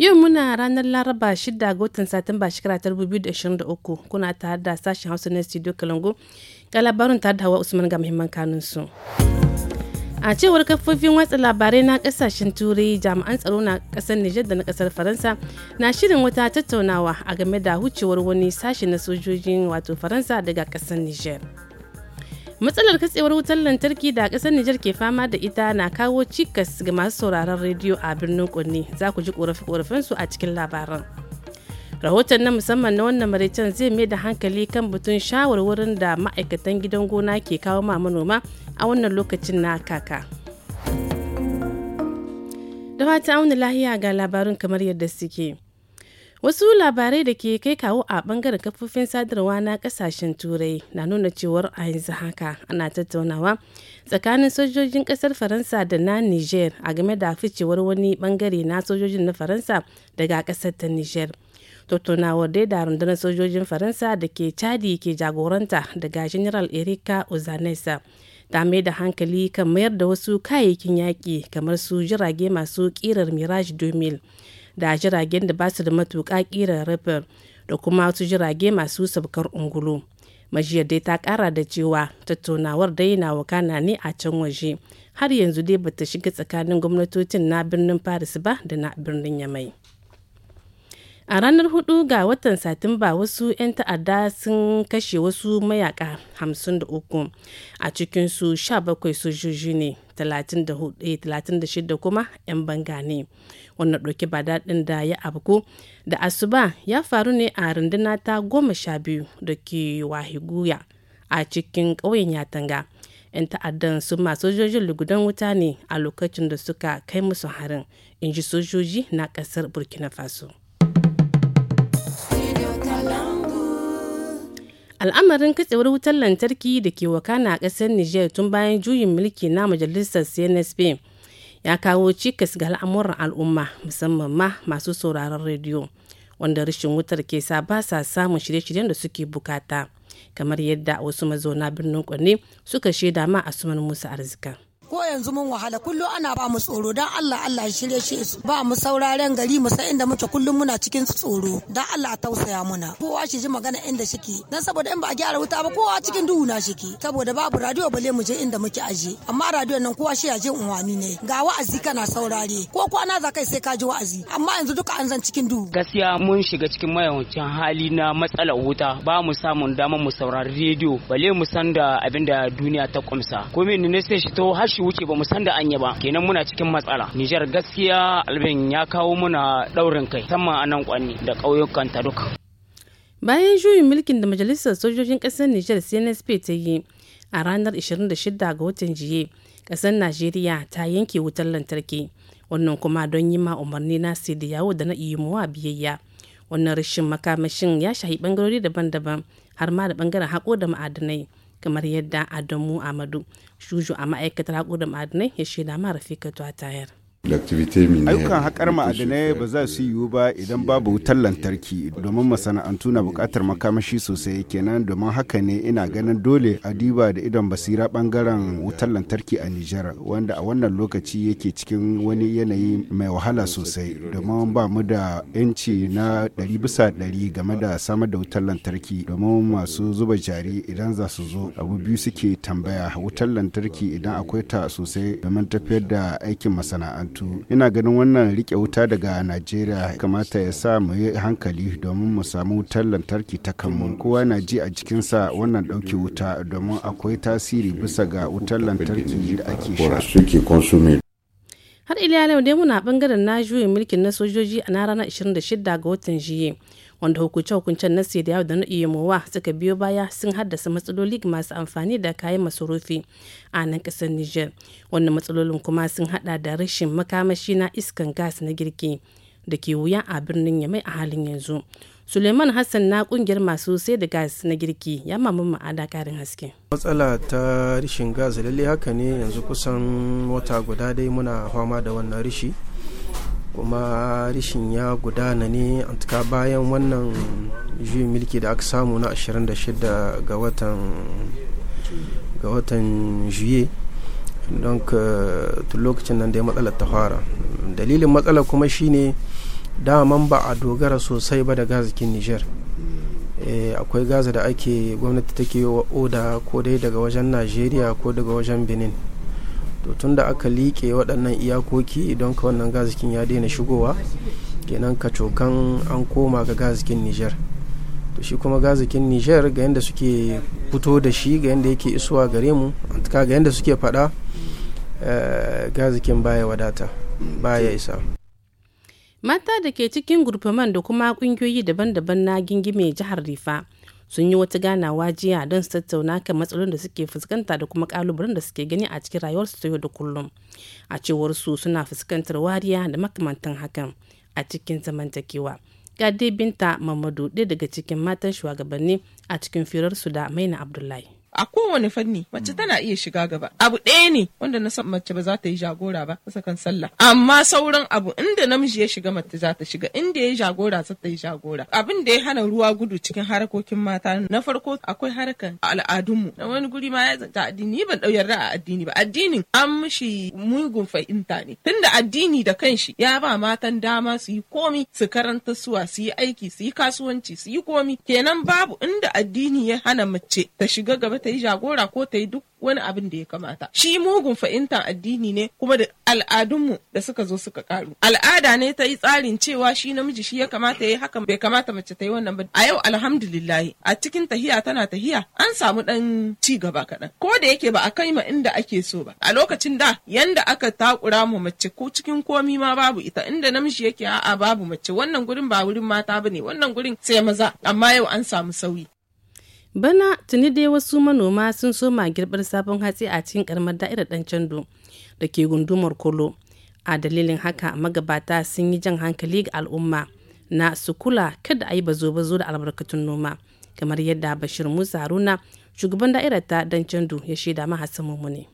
Yau muna ranar Laraba 6 ga watan Satumba shekara 2023 kuna tare da sashen Hausa na Studio Kalango ga labarin tare da Hawa Usman ga muhimman kanun su. A cewar kafofin watsa labarai na kasashen Turai jami'an tsaro na kasar Nijar da na kasar Faransa na shirin wata tattaunawa a game da hucewar wani sashi na sojojin wato Faransa daga kasar Nijar. matsalar katsewar wutar lantarki da kasar Nijar ke fama da ita na kawo cikas ga masu sauraron rediyo a birnin Kunne za ku ji korafe korafin su a cikin labaran. Rahoton na musamman na wannan maraicen zai mai da hankali kan batun shawarwarin da ma'aikatan gidan gona ke kawo ma manoma a wannan lokacin na kaka. Da fata auna lahiya ga labarun kamar yadda suke. Wasu labarai da ke kai kawo a bangaren kafofin sadarwa na kasashen turai na nuna cewar a yanzu haka ana tattaunawa tsakanin sojojin kasar Faransa da na Niger a game da ficewar wani bangare na sojojin na Faransa daga kasar ta Niger. Tattaunawar dai da rundunar sojojin Faransa da ke Chadi ke jagoranta daga General Erika Uzanesa. ta mai da hankali kan mayar da wasu kayayyakin yaƙi kamar su jirage masu ƙirar mirage 2000 da jiragen da ba su da matuƙa ƙirar rafin da kuma wasu jirage masu sabkar ungulu majiyar dai ta kara da cewa tattaunawar dai na wakana ne a can waje har yanzu dai bata shiga tsakanin gwamnatocin na birnin paris ba da na birnin yamai a ranar hudu ga watan satumba wasu 'yan ta'adda sun kashe wasu mayaka 53 a cikinsu 17 sojoji ne 36 eh, kuma 'yan banga ne wannan ɗauki ba daɗin da ya abku da asuba ya faru ne a runduna ta goma sha biyu da ke wahiguya a cikin ƙauyen yatanga 'yan ta'addan su ma sojojin lugudan wuta ne a lokacin da suka kai musu harin in ji sojoji na ƙasar burkina faso al'amarin katsewar wutar lantarki da ke wakana a ƙasar niger tun bayan juyin mulki na majalisar cnsp ya kawo cikas ga al'amuran al'umma musamman ma masu sauraron rediyo wanda rashin wutar ke sa ba sa samun shirye-shiryen da suke bukata kamar yadda wasu mazauna birnin kwanne suka shaida ma asuman musa arzika ko yanzu mun wahala kullum ana ba mu tsoro dan Allah Allah ya shirye shi su ba mu sauraren gari mu san inda muke kullum muna cikin tsoro dan Allah tausaya muna kowa shi ji magana inda shike dan saboda in ba a gyara wuta ba kowa cikin duhu na shike saboda babu radio bale mu je inda muke aje amma radio nan kowa shi ya je unwani ne ga wa'azi kana saurare ko kwana za kai sai ka ji wa'azi amma yanzu duka an zan cikin duhu gaskiya mun shiga cikin mayawancin hali na matsalar wuta ba mu samun damar mu saurari rediyo bale mu san da abin da duniya ta kumsa ko ne sai shi to har su wuce ba mu san da anya ba kenan muna cikin matsala Nijar gaskiya albin ya kawo muna daurin kai musamman a nan kwanni da ƙauyukan ta duka bayan juyin mulkin da majalisar sojojin ƙasar Nijar CNSP ta yi a ranar 26 ga watan jiye ƙasar Najeriya ta yanke wutar lantarki wannan kuma don yi ma umarni na da yawo da na iyimuwa biyayya wannan rashin makamashin ya shahi bangarori daban-daban har ma da bangaren haƙo da ma'adanai kamar yadda Adamu Amadu shuju a ma'aikatar haƙo da ma'adinai ya shaida ma Rafika Tayar. ayyukan haƙar ma'adanai ba za su yiwu ba idan babu wutar lantarki domin masana'antu na buƙatar makamashi sosai kenan domin haka ne ina ganin dole a diba da idon basira ɓangaren wutar lantarki a nijar wanda a wannan lokaci yake cikin wani yanayi mai wahala sosai domin ba mu da 'yanci na ɗari bisa ɗari game da samar da wutar lantarki domin masu zuba jari idan za su zo abu biyu suke tambaya wutar lantarki idan akwai ta sosai domin tafiyar da aikin masana'antu makarantu ina ganin wannan rike wuta daga najeriya kamata ya sa mu yi hankali domin mu samu wutar lantarki ta kanmu kowa na ji a jikinsa wannan ɗauki wuta domin akwai tasiri bisa ga wutar lantarki da ake sha har ila yau dai muna bangaren na juyin mulkin na sojoji a na ranar 26 ga watan jiye wanda hukunce-hukuncen na siriya da na iyamowa suka biyo baya sun haddasa matsaloli masu amfani da kayan masarufi a nan kasar niger wannan matsalolin kuma sun hada da rashin makamashi na iskan gas na girki da ke wuya a birnin yamai a halin yanzu suleiman hassan na kungiyar masu sai da gas na girki ya mamu ma'ada karin haske matsala ta rishin gas lalle haka ne yanzu kusan wata guda dai muna fama da wannan rishi kuma rishin ya gudana ne tuka bayan wannan juyin mulki da aka samu na 26 ga watan ga watan juye don tun lokacin nan dai matsalar ta fara dalilin matsalar kuma shine daman ba a dogara sosai ba da gazikin niger eh, akwai gaza da ake gwamnati take oda ko dai daga wajen nigeria ko daga wajen benin to tun da aka liƙe waɗannan iyakoki don ka wannan gazikin ya daina shigowa kenan kacokan an koma ga gazikin niger to shi kuma gazikin niger ga yadda suke fito da shi ga yadda yake isuwa gare mu ga yadda suke faɗa eh, gazikin baya wadata baya isa mata da ke cikin gurfaman da kuma kungiyoyi daban-daban na gingime jihar rifa sun yi wata ganawa jiya don su tattauna kan matsalolin da suke fuskanta da kuma kalubalen da suke gani a cikin rayuwarsu ta yau da kullum a cewar su suna fuskantar wariya da makamantan hakan a cikin zamantakewa ga binta mamadu ɗaya daga cikin matan shugabanni a cikin firarsu da maina abdullahi a kowane fanni mace mm. tana iya shiga gaba abu ɗaya ne wanda na san mace ba za ta yi jagora ba ta sakan sallah amma sauran abu inda namiji ya shiga mace za ta shiga inda ya jagora za ta yi jagora abin da ya hana ruwa gudu cikin harkokin mata na farko akwai harkar al'adunmu na wani guri ma ya zanta addini ban dau yarda a addini ba addinin an mishi mugun fahimta ne tunda addini da kanshi ya ba matan dama su yi komi su karanta suwa su yi aiki su yi kasuwanci su yi komi kenan babu inda addini ya hana mace ta shiga gaba ta yi jagora ko ta yi duk wani abin da ya kamata shi mugun fahimtar addini ne kuma da al'adunmu da suka zo suka karu al'ada ne ta yi tsarin cewa shi namiji shi ya kamata ya yi hakan bai kamata mace ta yi wannan ba a yau alhamdulillah a cikin tahiya tana tahiya an samu ɗan ci gaba kaɗan ko da yake ba a kai ma inda ake so ba a lokacin da yanda aka takura mu mace ko cikin komi ma babu ita inda namiji yake a'a babu mace wannan gurin ba wurin mata ba ne wannan gurin sai maza amma yau an samu sauyi bana tuni dai wasu manoma sun soma girbar sabon hatsi a cikin karamar da'irar dan da ke gundumar kolo a dalilin haka magabata sun yi jan hankali ga al'umma na su kula kada a yi bazo bazo da albarkatun noma kamar yadda bashir musa haruna shugaban da'irar ta dan ya shaida ma hassan mummune.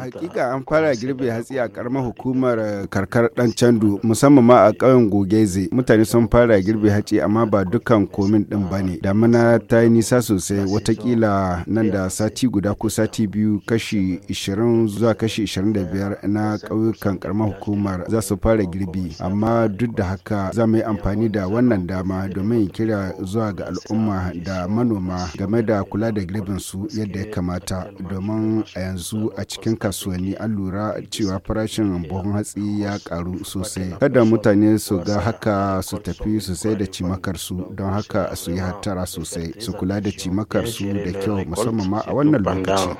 Hakika an fara girbe hatsi a karamar hukumar eh, karkar dan candu musamman ma a ƙauyen Gogeze. Mutane sun fara girbe hatsi amma ba dukkan komin din ba ne. Damina ta yi nisa sosai watakila nan da sati guda ko sati biyu kashi 20 zuwa kashi 25 na ƙauyukan karamar hukumar za su fara girbi. Amma duk da haka za mu yi amfani da wannan dama domin kira zuwa ga al'umma da manoma game da kula da girbin su yadda ya kamata domin a yanzu a cikin kasuwanni an lura cewa farashin buhun hatsi ya karu sosai kada mutane su ga haka su tafi su sai da cimakar su don haka su yi hattara sosai su kula da cimakar su da kyau musamman ma a wannan lokaci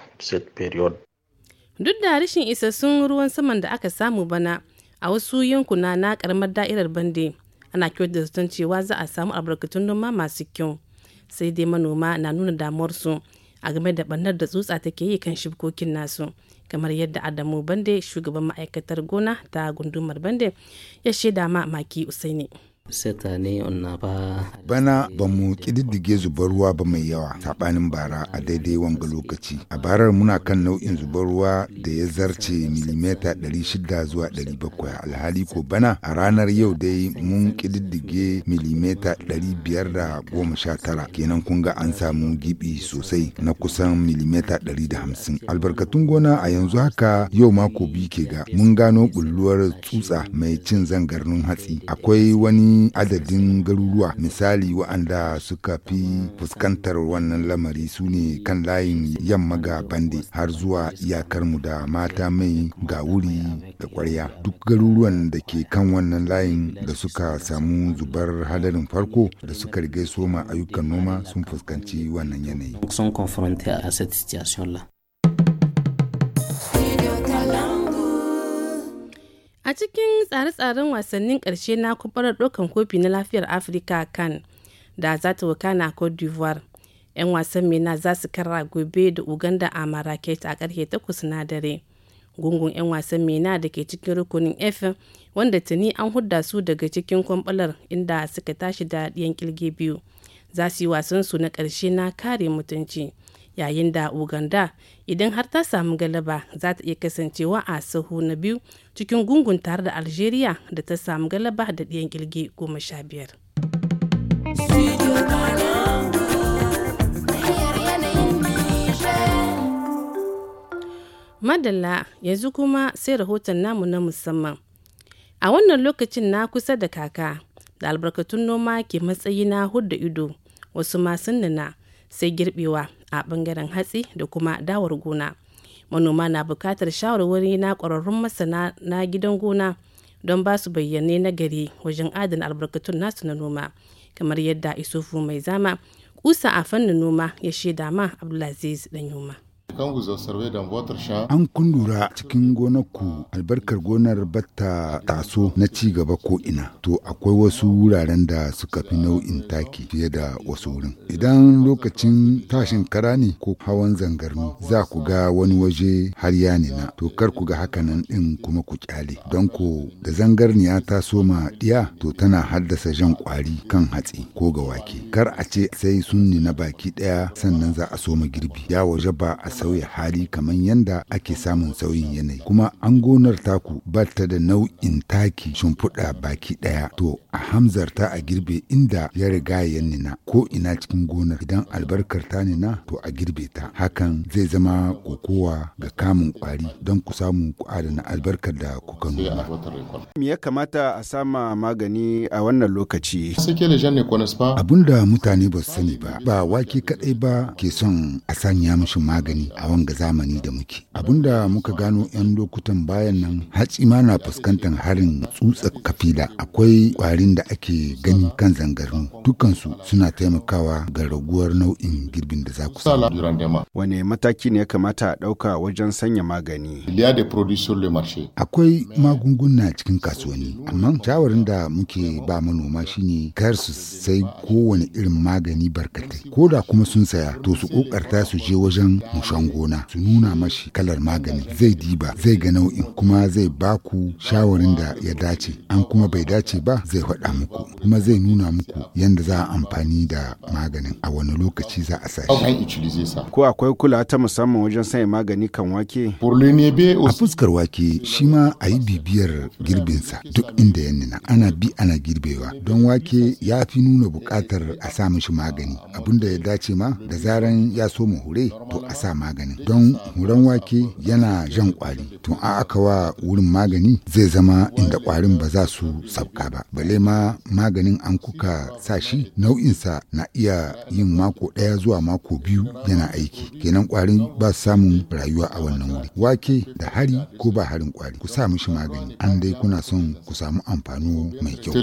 duk da rashin isassun ruwan saman da aka samu bana a wasu yankuna na karamar da'irar bande ana kyautar zaton cewa za a samu albarkatun noma masu kyau sai dai manoma na nuna damuwarsu su a game da bannar da tsutsa take yi kan shibkokin nasu kamar yadda adamu bande shugaban ma'aikatar gona ta gundumar bande ya shaida ma maki usaini Bana ba mu ƙididdige zubar ruwa ba mai yawa saɓanin bara a daidai wanga lokaci. A barar muna kan nau'in zubar ruwa da ya zarce milimeta 600 zuwa 700 alhali ko bana a ranar yau dai mun ƙididdige milimeta 519 kenan kun an samu gibi sosai na kusan milimeta 150. Albarkatun gona a yanzu haka yau mako biyu ke ga mun gano bulluwar tsutsa mai cin zangarnin hatsi. Akwai wani adadin garuruwa misali wa'anda suka fi fuskantar wannan lamari su ne kan layin yamma ga bande har zuwa iyakarmu da mata mai ga wuri da kwarya duk garuruwan da ke kan wannan layin da suka samu zubar hadarin farko da suka riga soma ayyukan noma sun fuskanci wannan yanayi. A cikin tsare-tsaren wasannin ƙarshe na kubarar ɗaukan kofi na lafiyar Afirka kan da za ta wakana Cote d'Ivoire. 'Yan wasan MENA za su kara gobe da Uganda a maraket a ƙarfe takwas na dare. Gungun 'yan wasan MENA da ke cikin rukunin F wanda tuni an hudda su daga cikin kwambalar inda suka tashi da 'yan biyu. Za su yi wasansu na ƙarshe na kare mutunci. yayin da uganda idan har ta samu galaba za ta iya kasancewa a sahu na biyu cikin gungun tare da algeria da ta samu galaba da ɗiyan kilge goma sha biyar madalla yanzu kuma sai rahoton namu na musamman a wannan lokacin na kusa da kaka da albarkatun noma ke matsayi na hudda ido wasu masu nuna sai girbewa a bangaren hatsi da kuma dawar gona manoma na bukatar shawarwari na ƙwararrun masana na gidan gona don ba su bayyane na gari wajen adana albarkatun nasu na noma kamar yadda isofu mai zama kusa a fannin noma ya shaida ma abdulaziz dan yoma An kundura lura cikin ku albarkar gonar batta taso na ci gaba ko ina. To akwai wasu wuraren da suka fi nau'in taki fiye da wasu wurin. Idan lokacin tashin kara ne ko hawan zangarni za ku ga wani waje har ya nina. To kar ku ga nan din kuma ku kyale. Don ko da zangarniya ta soma ɗiya, to tana haddasa jan kwari kan hatsi ko ga wake. Kar a ce sai sun nina baki ɗaya sannan za a soma girbi. Ya waje ba a sauya hali kamar yadda ake samun sauyin yanayi kuma an gonar taku ba ta da nau'in taki shimfiɗa baki ɗaya to a hamzarta a girbe inda ya riga ya nina ko ina cikin gonar idan albarkar ta nina to a girbe ta hakan zai zama kokowa ga kamun kwari don ku samu ku adana albarkar da kuka noma. Me ya kamata a sama magani a wannan lokaci? Abin da mutane ba su sani ba ba wake kadai ba ke son a sanya mishi magani a wanga zamani da muke. Abin da muka gano 'yan lokutan bayan nan hatsi ma na fuskantar harin tsutsa kafila akwai kwari ƙwarin da ake gani kan zangarin dukansu suna taimakawa ga raguwar nau'in girbin da za ku Wane mataki ne ya kamata a ɗauka wajen sanya magani? Akwai magunguna cikin kasuwanni, amma shawarin da muke ba manoma shine kar su sai kowane irin magani barkatai. Ko da kuma sun saya, to su ƙoƙarta su je wajen mushan gona, su nuna mashi kalar magani, zai diba, zai ga nau'in, kuma zai baku shawarin da ya dace, an kuma bai dace ba zai faɗa muku kuma zai nuna muku yadda za a amfani da maganin a wani lokaci za a sa Ko akwai kula ta musamman wajen sanya magani kan wake? A fuskar wake shi ma a yi bibiyar girbinsa duk inda ya nuna ana bi ana girbewa don wake ya fi nuna buƙatar a sa mishi magani abinda ya dace ma da zaran ya so mu hure to a sa maganin don huren wake yana jan kwari to a aka wa wurin magani zai zama inda kwarin ba za su sabka ba bale ma maganin an kuka sa shi nau'insa na iya yin mako ɗaya zuwa mako biyu yana aiki kenan kwarin ba samun rayuwa a wannan wuri wake da hari ko ba harin kwari ku sa mishi magani an dai kuna son ku samu amfani mai kyau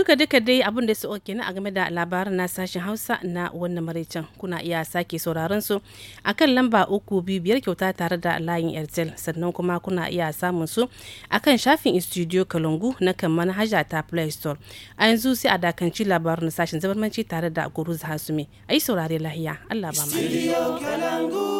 duka duka dai abin da su oke na a game da labarin na sashen hausa na wannan maraicen kuna iya sake sauraron su a kan lamba uku biyu biyar kyauta tare da layin airtel sannan kuma kuna iya samun su a kan shafin studio kalungu na kan manhaja ta play store a yanzu sai a dakanci labarin sashen zabarmanci tare da guruz hasumi a yi saurari lahiya allah ba